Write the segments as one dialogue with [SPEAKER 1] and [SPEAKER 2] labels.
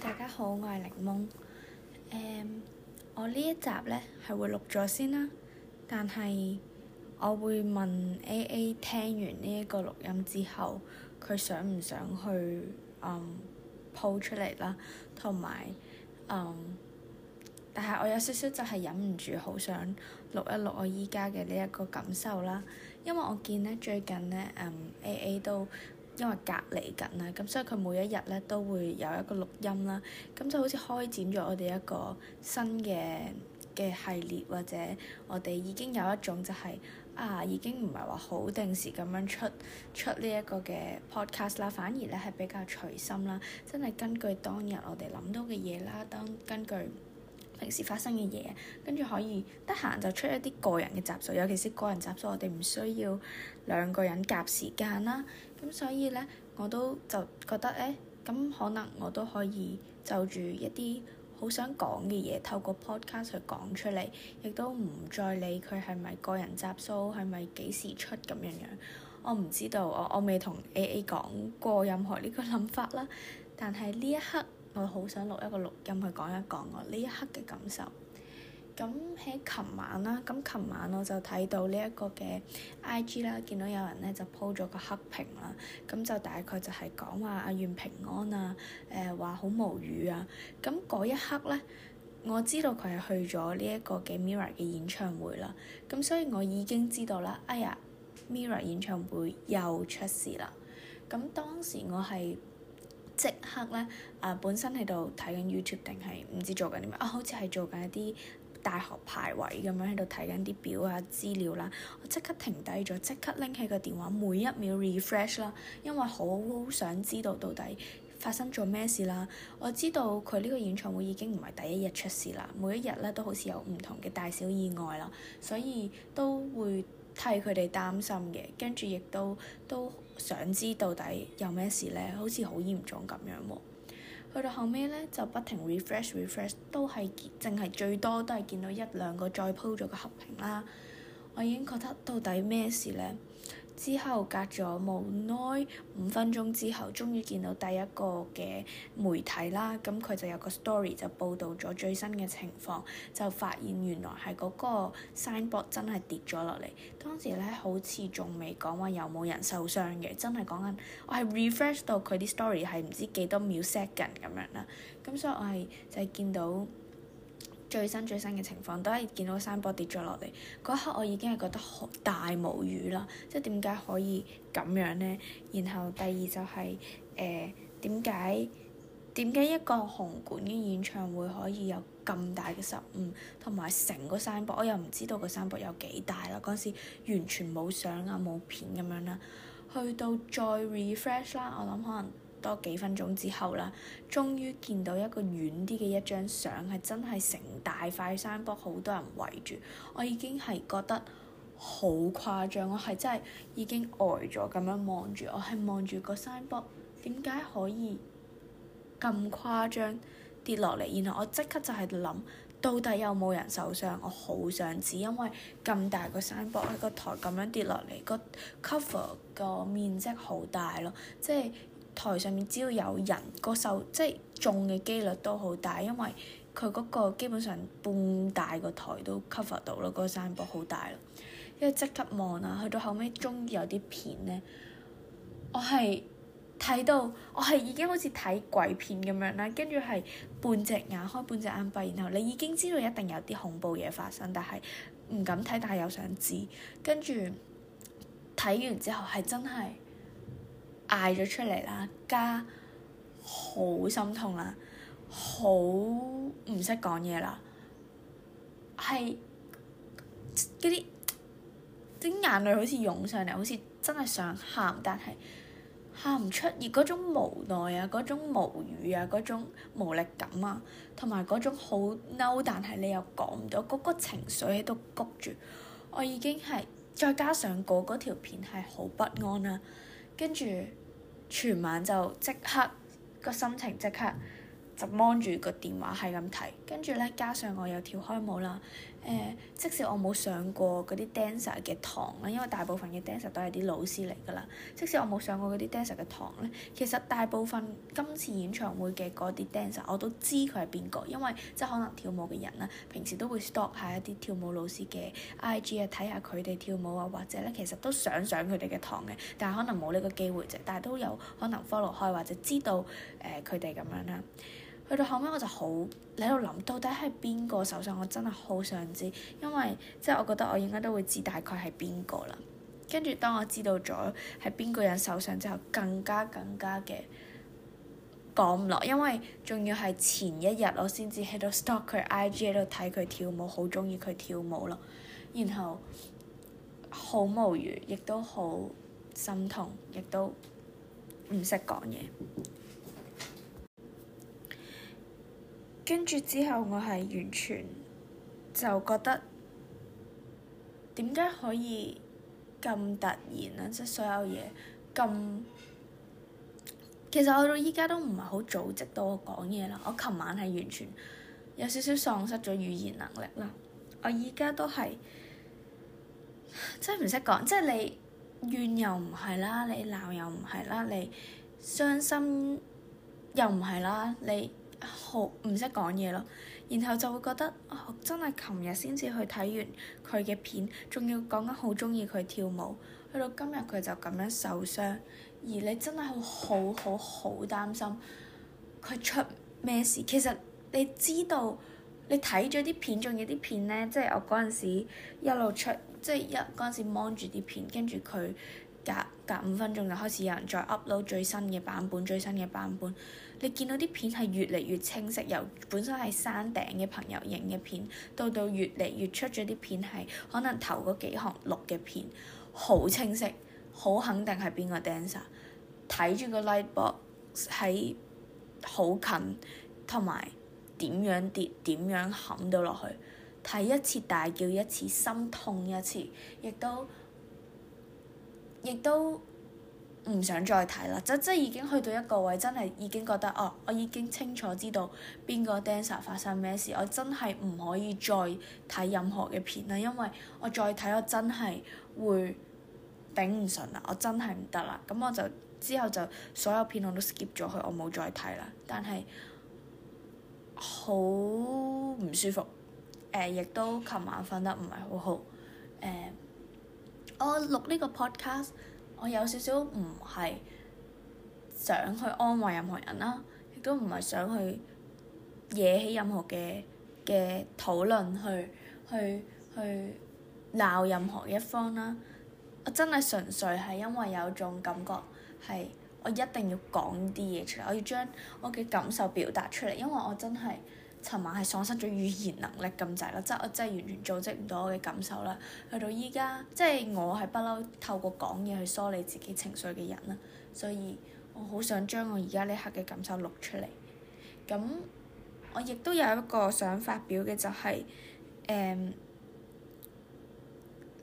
[SPEAKER 1] 大家好，我係檸檬。誒、um，我呢一集咧係會錄咗先啦，但係我會問 AA 聽完呢一個錄音之後，佢想唔想去嗯鋪出嚟啦，同埋嗯，但係我有少少就係忍唔住好想錄一錄我依家嘅呢一個感受啦，因為我見咧最近咧誒、嗯、AA 都。因為隔離緊啦，咁所以佢每一日咧都會有一個錄音啦，咁就好似開展咗我哋一個新嘅嘅系列，或者我哋已經有一種就係啊，已經唔係話好定時咁樣出出呢一個嘅 podcast 啦，反而咧係比較隨心啦，真係根據當日我哋諗到嘅嘢啦，當根據。平時發生嘅嘢，跟住可以得閒就出一啲個人嘅集數，尤其是個人集數，我哋唔需要兩個人夾時間啦。咁所以呢，我都就覺得咧，咁、欸、可能我都可以就住一啲好想講嘅嘢，透過 podcast 去講出嚟，亦都唔再理佢係咪個人集數，係咪幾時出咁樣樣。我唔知道，我我未同 A A 講過任何呢個諗法啦。但係呢一刻。我好想錄一個錄音去講一講我呢一刻嘅感受。咁喺琴晚啦，咁琴晚我就睇到呢一個嘅 IG 啦，見到有人咧就 po 咗個黑屏啦。咁就大概就係講話阿、啊、願平安啊，誒話好無語啊。咁嗰一刻咧，我知道佢係去咗呢一個嘅 Mirror 嘅演唱會啦。咁所以我已經知道啦，哎呀，Mirror 演唱會又出事啦。咁當時我係。即刻咧，誒、呃、本身喺度睇緊 YouTube 定係唔知做緊啲咩啊？好似係做緊一啲大學排位咁樣喺度睇緊啲表啊，資料啦，我即刻停低咗，即刻拎起個電話，每一秒 refresh 啦，因為好想知道到底發生咗咩事啦。我知道佢呢個演唱會已經唔係第一日出事啦，每一日咧都好似有唔同嘅大小意外啦，所以都會，替佢哋擔心嘅，跟住亦都都想知到底有咩事呢？好似好嚴重咁樣喎。去到後尾呢，就不停 refresh refresh，都係淨係最多都係見到一兩個再鋪咗個合屏啦。我已經覺得到底咩事呢？之後隔咗冇耐五分鐘之後，終於見到第一個嘅媒體啦。咁佢就有個 story 就報導咗最新嘅情況，就發現原來係嗰個 signboard 真係跌咗落嚟。當時咧好似仲未講話有冇人受傷嘅，真係講緊我係 refresh 到佢啲 story 係唔知幾多秒 second 咁樣啦。咁所以我係就係、是、見到。最新最新嘅情況都係見到山坡跌咗落嚟，嗰刻我已經係覺得好大無語啦！即係點解可以咁樣呢？然後第二就係誒點解點解一個紅館嘅演唱會可以有咁大嘅失誤，同埋成個山坡我又唔知道個山坡有幾大啦！嗰陣時完全冇相啊冇片咁樣啦，去到再 refresh 啦、啊，我諗可能。多幾分鐘之後啦，終於見到一個遠啲嘅一張相，係真係成大塊山坡，好多人圍住。我已經係覺得好誇張，我係真係已經呆咗咁樣望住，我係望住個山坡點解可以咁誇張跌落嚟？然後我即刻就係諗，到底有冇人受傷？我好想知，因為咁大個山坡喺個台咁樣跌落嚟，個 cover 個面積好大咯，即係。台上面只要有人，個手即係中嘅機率都好大，因為佢嗰個基本上半大個台都 cover 到啦，個散播好大啦。因為即刻望啦，去到後尾終於有啲片呢。我係睇到我係已經好似睇鬼片咁樣啦，跟住係半隻眼開半隻眼閉，然後你已經知道一定有啲恐怖嘢發生，但係唔敢睇，但係又想知，跟住睇完之後係真係。嗌咗出嚟啦，加好心痛啦，好唔識講嘢啦，係嗰啲啲眼淚好似湧上嚟，好似真係想喊，但係喊唔出。而嗰種無奈啊，嗰種無語啊，嗰種無力感啊，同埋嗰種好嬲，但係你又講唔到嗰個情緒喺度谷住，我已經係再加上嗰、嗰、嗰、個、條片係好不安啦、啊。跟住，全晚就即刻個心情，即刻就摸住個電話，係咁睇，跟住咧加上我又跳開舞啦。誒，uh, 即使我冇上過嗰啲 dancer 嘅堂啦，因為大部分嘅 dancer 都係啲老師嚟㗎啦。即使我冇上過嗰啲 dancer 嘅堂咧，其實大部分今次演唱會嘅嗰啲 dancer 我都知佢係邊個，因為即係可能跳舞嘅人啦，平時都會 stock 下一啲跳舞老師嘅 IG 啊，睇下佢哋跳舞啊，或者咧其實都想上佢哋嘅堂嘅，但係可能冇呢個機會啫，但係都有可能 follow 開或者知道誒佢哋咁樣啦。去到後尾我就好你喺度諗，到底係邊個手上？我真係好想知，因為即係、就是、我覺得我應該都會知大概係邊個啦。跟住當我知道咗係邊個人手上之後，更加更加嘅講唔落，因為仲要係前一日我先至喺度 stalk 佢 IG 喺度睇佢跳舞，好中意佢跳舞咯。然後好無語，亦都好心痛，亦都唔識講嘢。跟住之後，我係完全就覺得點解可以咁突然啊！即係所有嘢咁，其實我到依家都唔係好組織到我講嘢啦。我琴晚係完全有少少喪失咗語言能力啦。我依家都係真唔識講，即係你怨又唔係啦，你鬧又唔係啦，你傷心又唔係啦，你。好唔識講嘢咯，然後就會覺得、哦、真係琴日先至去睇完佢嘅片，仲要講緊好中意佢跳舞，去到今日佢就咁樣受傷，而你真係會好好好擔心佢出咩事。其實你知道你睇咗啲片，仲有啲片呢，即係我嗰陣時一路出，即係一嗰陣時望住啲片，跟住佢隔隔五分鐘就開始有人再 upload 最新嘅版本，最新嘅版本。你見到啲片係越嚟越清晰，由本身係山頂嘅朋友影嘅片，到到越嚟越出咗啲片係可能頭嗰幾行錄嘅片，好清晰，好肯定係邊個 dancer，睇住個 light box 喺好近，同埋點樣跌，點樣冚到落去，睇一次大叫一次，心痛一次，亦都亦都。唔想再睇啦，即即已經去到一個位，真係已經覺得哦，我已經清楚知道邊個 dancer 發生咩事，我真係唔可以再睇任何嘅片啦，因為我再睇我真係會頂唔順啦，我真係唔得啦，咁我，我就之後就所有片我都 skip 咗佢，我冇再睇啦，但係好唔舒服，誒、呃、亦都琴晚瞓得唔係好好，誒、呃、我錄呢個 podcast。我有少少唔係想去安慰任何人啦，亦都唔係想去惹起任何嘅嘅討論，去去去鬧任何一方啦。我真係純粹係因為有種感覺係我一定要講啲嘢出嚟，我要將我嘅感受表達出嚟，因為我真係。尋晚係喪失咗語言能力咁滯咯，即係即係完全組織唔到我嘅感受啦。去到依家，即係我係不嬲透過講嘢去梳理自己情緒嘅人啦，所以我好想將我而家呢刻嘅感受錄出嚟。咁我亦都有一個想發表嘅、就是，就係誒。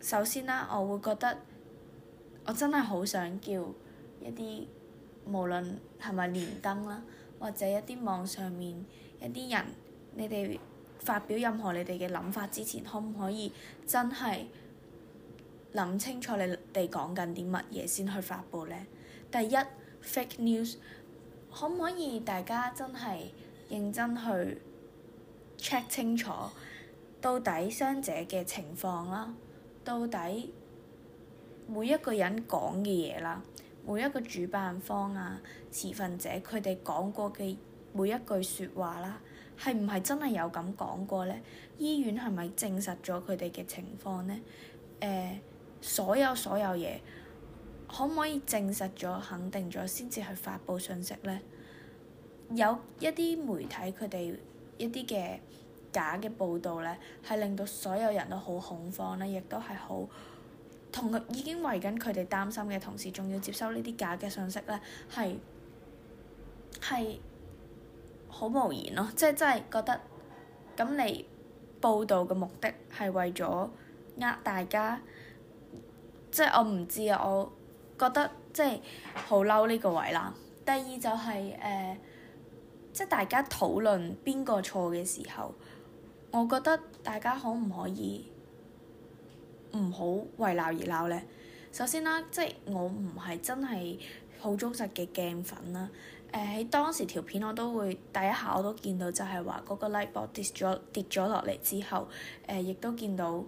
[SPEAKER 1] 首先啦、啊，我會覺得我真係好想叫一啲無論係咪連登啦，或者一啲網上面一啲人。你哋發表任何你哋嘅諗法之前，可唔可以真係諗清楚你哋講緊啲乜嘢先去發布呢？第一，Fake News，可唔可以大家真係認真去 check 清楚到底傷者嘅情況啦，到底每一個人講嘅嘢啦，每一個主辦方啊、持份者佢哋講過嘅每一句説話啦。係唔係真係有咁講過呢？醫院係咪證實咗佢哋嘅情況呢？誒、呃，所有所有嘢可唔可以證實咗、肯定咗先至去發布信息呢？有一啲媒體佢哋一啲嘅假嘅報導呢，係令到所有人都好恐慌呢，亦都係好同已經為緊佢哋擔心嘅同時，仲要接收呢啲假嘅信息呢？係係。好無言咯、啊，即係真係覺得咁你報道嘅目的係為咗呃大家，即係我唔知啊，我覺得即係好嬲呢個位啦。第二就係、是、誒、呃，即係大家討論邊個錯嘅時候，我覺得大家可唔可以唔好為鬧而鬧呢？首先啦、啊，即係我唔係真係好忠實嘅鏡粉啦、啊。誒喺、呃、當時條片我都會第一下我都見到就，就係話嗰個 light box 跌咗跌咗落嚟之後，誒、呃、亦都見到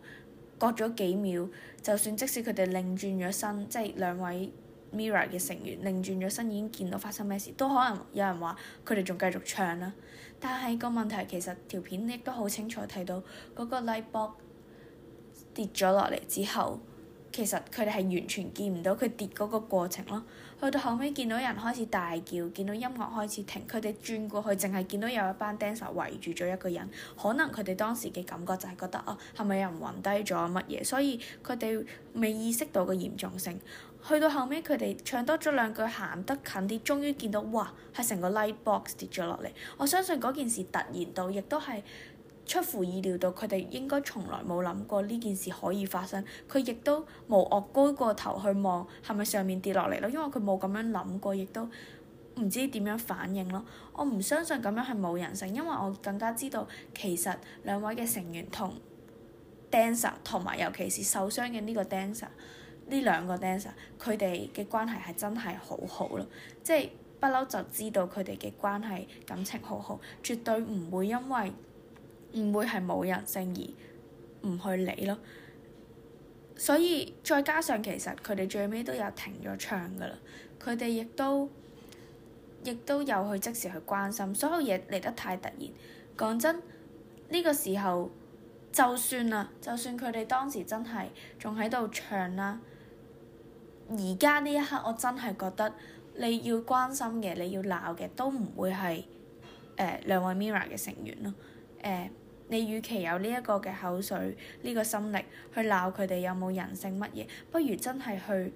[SPEAKER 1] 過咗幾秒，就算即使佢哋擰轉咗身，即係兩位 Mirror 嘅成員擰轉咗身已經見到發生咩事，都可能有人話佢哋仲繼續唱啦。但係個問題其實條片亦都好清楚睇到嗰、嗰個 light box 跌咗落嚟之後，其實佢哋係完全見唔到佢跌嗰個過程咯。去到後尾見到人開始大叫，見到音樂開始停，佢哋轉過去，淨係見到有一班 dancer 圍住咗一個人，可能佢哋當時嘅感覺就係覺得啊，係咪有人暈低咗乜嘢？所以佢哋未意識到個嚴重性。去到後尾佢哋唱多咗兩句，行得近啲，終於見到嘩係成個 light box 跌咗落嚟。我相信嗰件事突然到，亦都係。出乎意料到，佢哋應該從來冇諗過呢件事可以發生。佢亦都冇昂高個頭去望係咪上面跌落嚟咯，因為佢冇咁樣諗過，亦都唔知點樣反應咯。我唔相信咁樣係冇人性，因為我更加知道其實兩位嘅成員同 dancer 同埋尤其是受傷嘅呢個 dancer 呢兩個 dancer 佢哋嘅關係係真係好好咯，即係不嬲就知道佢哋嘅關係感情好好，絕對唔會因為。唔會係冇人性而唔去理咯，所以再加上其實佢哋最尾都有停咗唱噶啦，佢哋亦都亦都有去即時去關心，所有嘢嚟得太突然，講真呢個時候就算啊，就算佢哋當時真係仲喺度唱啦，而家呢一刻我真係覺得你要關心嘅，你要鬧嘅都唔會係誒、呃、兩位 Mirror 嘅成員咯，誒、呃。你與其有呢一個嘅口水，呢個心力去鬧佢哋有冇人性乜嘢，不如真係去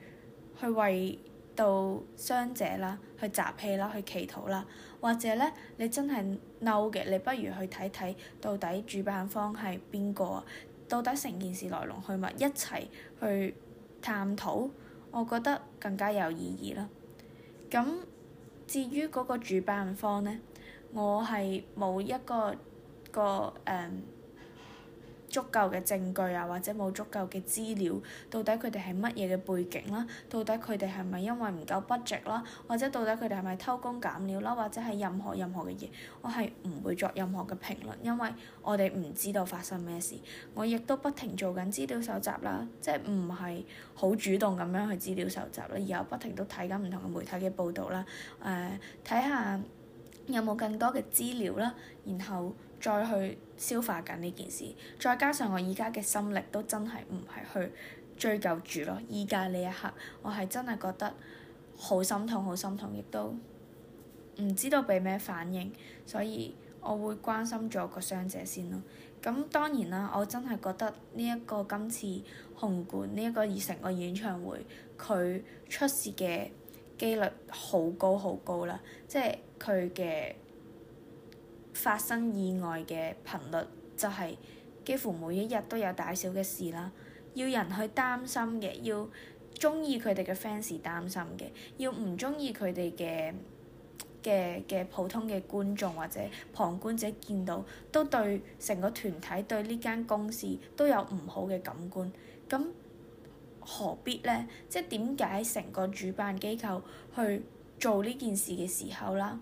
[SPEAKER 1] 去為到傷者啦，去集氣啦，去祈禱啦，或者咧你真係嬲嘅，你不如去睇睇到底主辦方係邊個啊？到底成件事來龍去脈一齊去探討，我覺得更加有意義啦。咁至於嗰個主辦方咧，我係冇一個。個誒、嗯、足夠嘅證據啊，或者冇足夠嘅資料，到底佢哋係乜嘢嘅背景啦、啊？到底佢哋係咪因為唔夠 budget 啦、啊，或者到底佢哋係咪偷工減料啦、啊，或者係任何任何嘅嘢，我係唔會作任何嘅評論，因為我哋唔知道發生咩事。我亦都不停做緊資料搜集啦、啊，即係唔係好主動咁樣去資料搜集啦、啊，而我不停都睇緊唔同嘅媒體嘅報導啦、啊，誒睇下有冇更多嘅資料啦、啊，然後。再去消化緊呢件事，再加上我依家嘅心力都真係唔係去追究住咯。依家呢一刻，我係真係覺得好心痛，好心痛，亦都唔知道俾咩反應，所以我會關心咗個傷者先咯。咁當然啦，我真係覺得呢一個今次紅館呢一個而成個演唱會，佢出事嘅機率好高好高啦，即係佢嘅。發生意外嘅頻率就係幾乎每一日都有大小嘅事啦，要人去擔心嘅，要中意佢哋嘅 fans 擔心嘅，要唔中意佢哋嘅嘅嘅普通嘅觀眾或者旁觀者見到都對成個團體對呢間公司都有唔好嘅感官，咁何必呢？即係點解成個主辦機構去做呢件事嘅時候啦？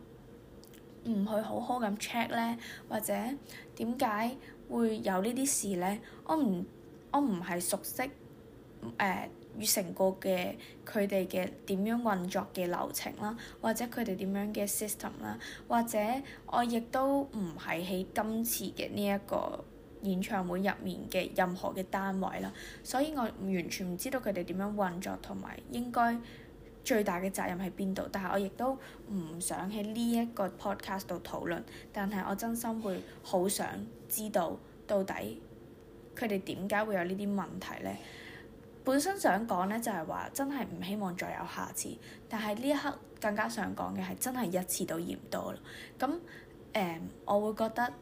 [SPEAKER 1] 唔去好好咁 check 咧，或者點解會有呢啲事咧？我唔我唔係熟悉誒與、呃、成個嘅佢哋嘅點樣運作嘅流程啦，或者佢哋點樣嘅 system 啦，或者我亦都唔係喺今次嘅呢一個演唱會入面嘅任何嘅單位啦，所以我完全唔知道佢哋點樣運作同埋應該。最大嘅責任喺邊度？但係我亦都唔想喺呢一個 Podcast 度討論。但係我真心會好想知道到底佢哋點解會有呢啲問題呢？本身想講呢，就係話真係唔希望再有下次。但係呢一刻更加想講嘅係真係一次都嫌多啦。咁誒、嗯，我會覺得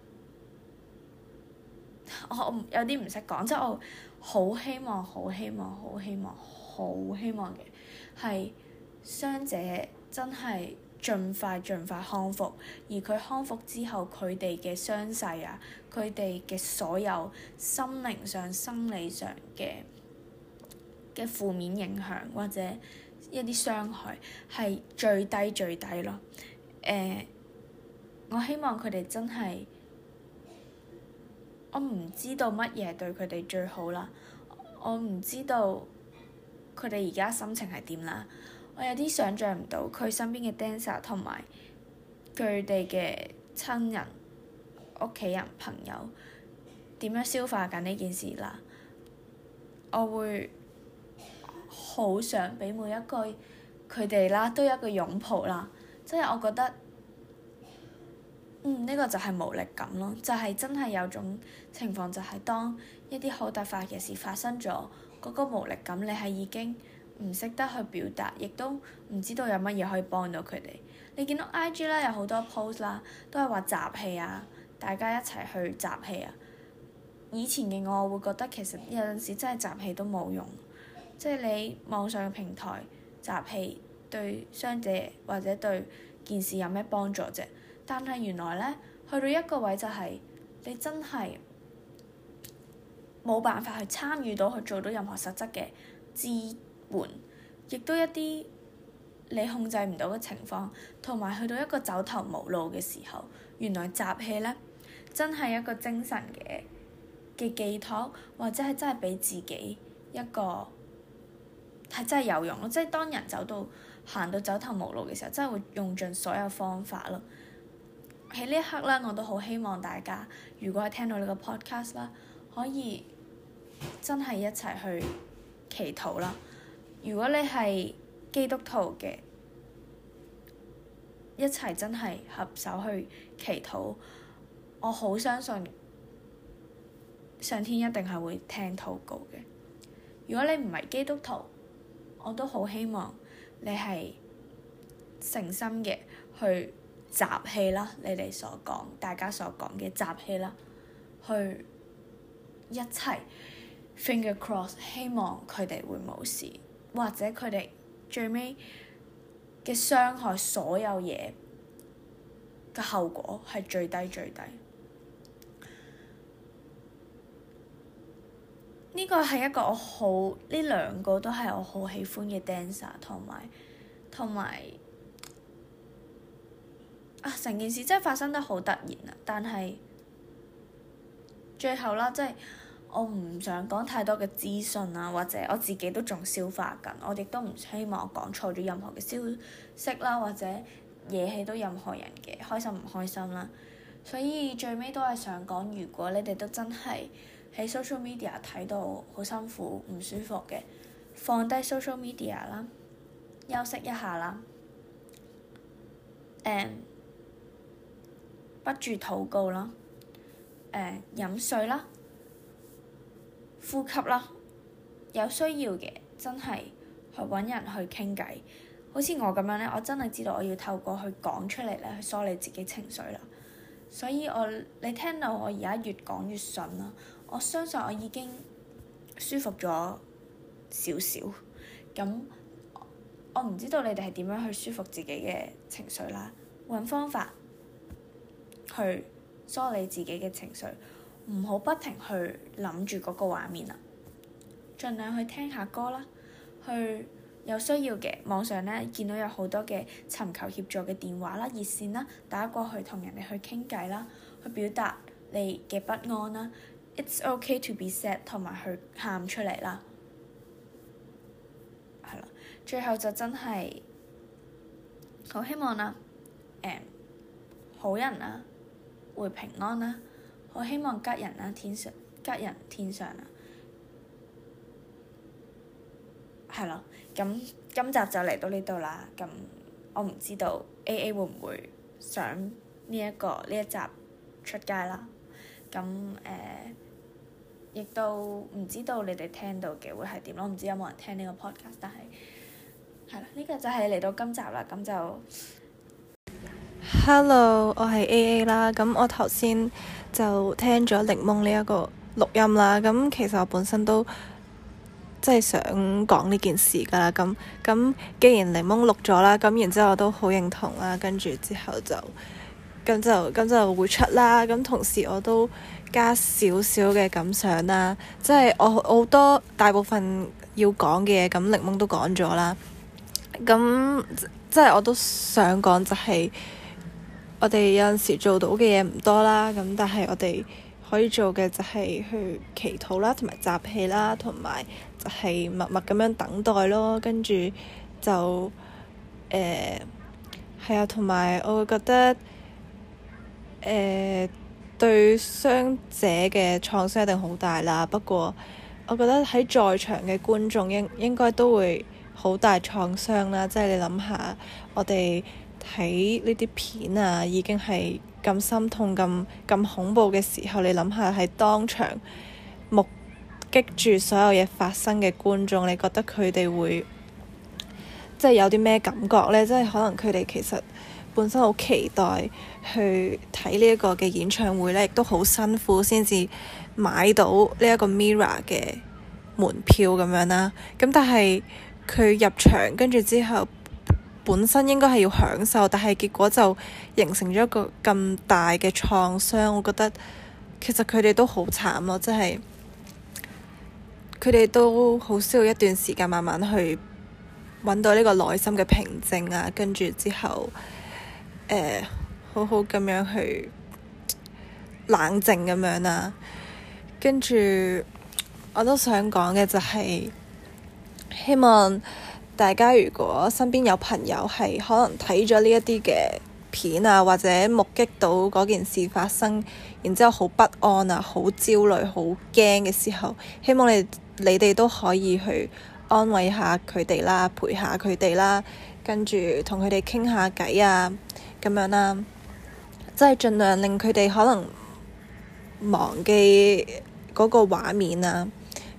[SPEAKER 1] 我，我有啲唔識講，即係我好希望、好希望、好希望、好希望嘅係。傷者真係盡快盡快康復，而佢康復之後，佢哋嘅傷勢啊，佢哋嘅所有心靈上、生理上嘅嘅負面影響或者一啲傷害係最低最低咯。誒、呃，我希望佢哋真係，我唔知道乜嘢對佢哋最好啦。我唔知道佢哋而家心情係點啦。我有啲想象唔到佢身邊嘅 dancer 同埋佢哋嘅親人、屋企人、朋友點樣消化緊呢件事啦。我會好想俾每一個佢哋啦，都有一個擁抱啦，即係我覺得嗯呢個就係無力感咯，就係真係有種情況就係當一啲好突發嘅事發生咗，嗰個無力感你係已經。唔識得去表達，亦都唔知道有乜嘢可以幫到佢哋。你見到 IG 咧有好多 post 啦，都係話集氣啊，大家一齊去集氣啊。以前嘅我會覺得其實有陣時真係集氣都冇用，即係你網上嘅平台集氣對傷者或者對件事有咩幫助啫。但係原來咧去到一個位就係你真係冇辦法去參與到去做到任何實質嘅之。亦都一啲你控制唔到嘅情況，同埋去到一個走投無路嘅時候，原來集氣呢真係一個精神嘅嘅寄託，或者係真係俾自己一個係真係有用咯。即係當人走到行到走投無路嘅時候，真係會用盡所有方法咯。喺呢一刻呢，我都好希望大家如果係聽到你個 podcast 啦，可以真係一齊去祈禱啦。如果你係基督徒嘅，一齊真係合手去祈禱，我好相信上天一定係會聽禱告嘅。如果你唔係基督徒，我都好希望你係誠心嘅去集氣啦。你哋所講，大家所講嘅集氣啦，去一齊 finger cross，希望佢哋會冇事。或者佢哋最尾嘅傷害所有嘢嘅後果係最低最低。呢個係一個我好呢兩個都係我好喜歡嘅 dancer 同埋同埋啊成件事真係發生得好突然啊！但係最後啦，即係。我唔想講太多嘅資訊啊，或者我自己都仲消化緊。我亦都唔希望我講錯咗任何嘅消息啦，或者惹起到任何人嘅開心唔開心啦。所以最尾都係想講，如果你哋都真係喺 social media 睇到好辛苦、唔舒服嘅，放低 social media 啦，休息一下啦。誒、嗯，不住禱告啦，誒、嗯、飲水啦。呼吸啦，有需要嘅真係去揾人去傾偈，好似我咁樣呢，我真係知道我要透過去講出嚟咧去梳理自己情緒啦。所以我，你聽到我而家越講越順啦，我相信我已經舒服咗少少。咁我唔知道你哋係點樣去舒服自己嘅情緒啦，揾方法去梳理自己嘅情緒。唔好不，不停去諗住嗰個畫面啊！盡量去聽下歌啦，去有需要嘅網上咧見到有好多嘅尋求協助嘅電話啦、熱線啦，打過去同人哋去傾偈啦，去表達你嘅不安啦。It's okay to be sad，同埋去喊出嚟啦。係啦，最後就真係好希望啦、啊，誒、嗯、好人啦、啊，會平安啦、啊、～我希望吉人啦、啊，天上吉人天上啊，係咯。咁今集就嚟到呢度啦。咁我唔知道 A A 會唔會想呢、這、一個呢一集出街啦。咁誒，亦都唔知道你哋聽到嘅會係點咯。唔知有冇人聽呢個 podcast？但係係啦，呢、這個就係嚟到今集 Hello, 啦。咁就
[SPEAKER 2] Hello，我係 A A 啦。咁我頭先。就聽咗檸檬呢一個錄音啦，咁其實我本身都真係想講呢件事噶啦，咁咁既然檸檬錄咗啦，咁然之後我都好認同啦，跟住之後就咁就咁就會出啦，咁同時我都加少少嘅感想啦，即係我好多大部分要講嘅嘢，咁檸檬都講咗啦，咁即係我都想講就係、是。我哋有陣時做到嘅嘢唔多啦，咁但係我哋可以做嘅就係去祈禱啦，同埋集氣啦，同埋就係默默咁樣等待咯。跟住就誒係、呃、啊，同埋我覺得誒、呃、對傷者嘅創傷一定好大啦。不過我覺得喺在，在場嘅觀眾應應該都會好大創傷啦。即、就、係、是、你諗下，我哋。喺呢啲片啊，已經係咁心痛、咁咁恐怖嘅時候，你諗下係當場目擊住所有嘢發生嘅觀眾，你覺得佢哋會即係有啲咩感覺咧？即係可能佢哋其實本身好期待去睇呢一個嘅演唱會咧，亦都好辛苦先至買到呢一個 Mirror 嘅門票咁樣啦、啊。咁但係佢入場跟住之後。本身應該係要享受，但係結果就形成咗一個咁大嘅創傷。我覺得其實佢哋都好慘咯，即係佢哋都好需要一段時間慢慢去揾到呢個內心嘅平靜啊，跟住之後誒、呃、好好咁樣去冷靜咁樣啦、啊。跟住我都想講嘅就係、係、希望。大家如果身邊有朋友係可能睇咗呢一啲嘅片啊，或者目擊到嗰件事發生，然之後好不安啊、好焦慮、好驚嘅時候，希望你你哋都可以去安慰下佢哋啦、陪下佢哋啦，跟住同佢哋傾下偈啊，咁樣啦、啊，即係盡量令佢哋可能忘記嗰個畫面啊，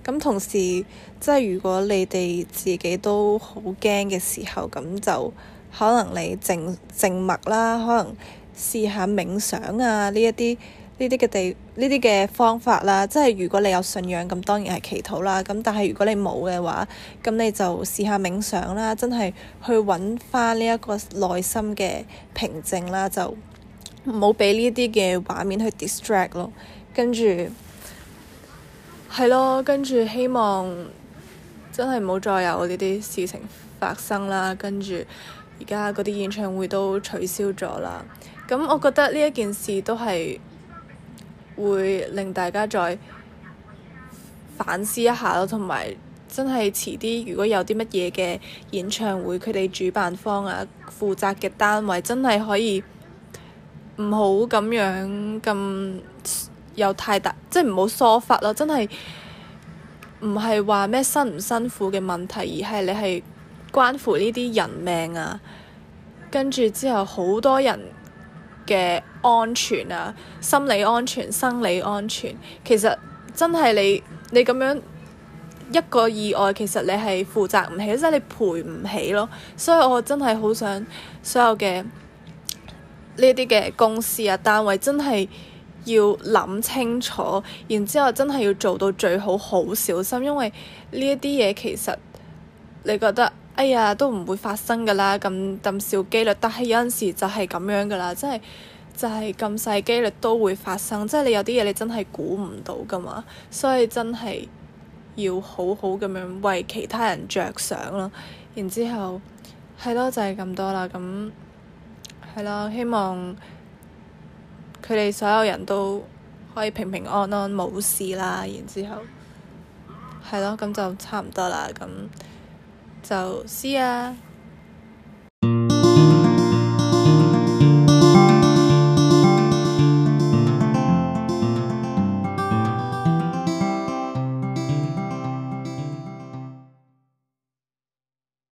[SPEAKER 2] 咁、嗯、同時。即係如果你哋自己都好驚嘅時候，咁就可能你靜靜默啦，可能試下冥想啊呢一啲呢啲嘅地呢啲嘅方法啦。即係如果你有信仰，咁當然係祈禱啦。咁但係如果你冇嘅話，咁你就試下冥想啦。真係去揾翻呢一個內心嘅平靜啦，就唔好俾呢啲嘅畫面去 distract 咯。跟住係咯，跟住希望。真係唔好再有呢啲事情發生啦，跟住而家嗰啲演唱會都取消咗啦。咁我覺得呢一件事都係會令大家再反思一下咯，同埋真係遲啲如果有啲乜嘢嘅演唱會，佢哋主辦方啊、負責嘅單位真係可以唔好咁樣咁有太大，即係唔好疏忽咯，真係。唔係話咩辛唔辛苦嘅問題，而係你係關乎呢啲人命啊，跟住之後好多人嘅安全啊、心理安全、生理安全，其實真係你你咁樣一個意外，其實你係負責唔起，即係你賠唔起咯。所以我真係好想所有嘅呢啲嘅公司啊、單位真係。要諗清楚，然之後真係要做到最好，好小心，因為呢一啲嘢其實你覺得哎呀都唔會發生㗎啦，咁咁少機率，但係有陣時就係咁樣㗎啦，即係就係咁細機率都會發生，即係你有啲嘢你真係估唔到㗎嘛，所以真係要好好咁樣為其他人着想咯，然之後係咯就係咁多啦，咁係啦，希望。佢哋所有人都可以平平安安冇事啦，然之後係咯，咁就差唔多啦，咁就 see 啊！